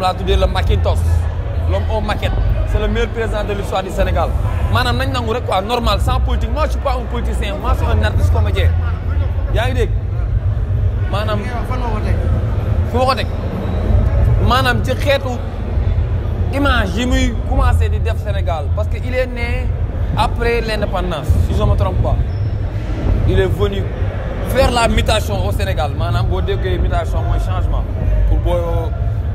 moom laa le Macintosh l'homme aux maquettes C'est le meilleur président de l'histoire du Sénégal Manam nañ quoi normal sans politique moi je suis pas un politicien moi je suis un artiste comédien yaa ngi dégg maanaam fu ma ko teg maanaam ci image yi muy commencé di def Sénégal parce qu'il est né après l'indépendance si je ne me trompe pas il est venu faire la mutation au Sénégal maanaam boo déggee mutation un changement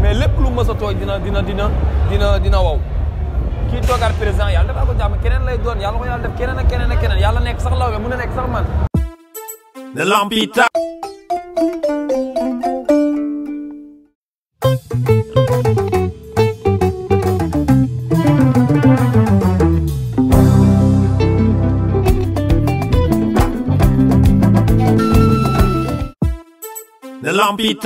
mais lépp lu mësa a dina dina dina dina dina waw ki toogaat président yàlla dafa ko jàmm keneen lay doon yàlla ko yàlla def keneen ak keneen ak keneen yàlla nekk sax lawé mu ne nekk sax man le lampita The Lampita.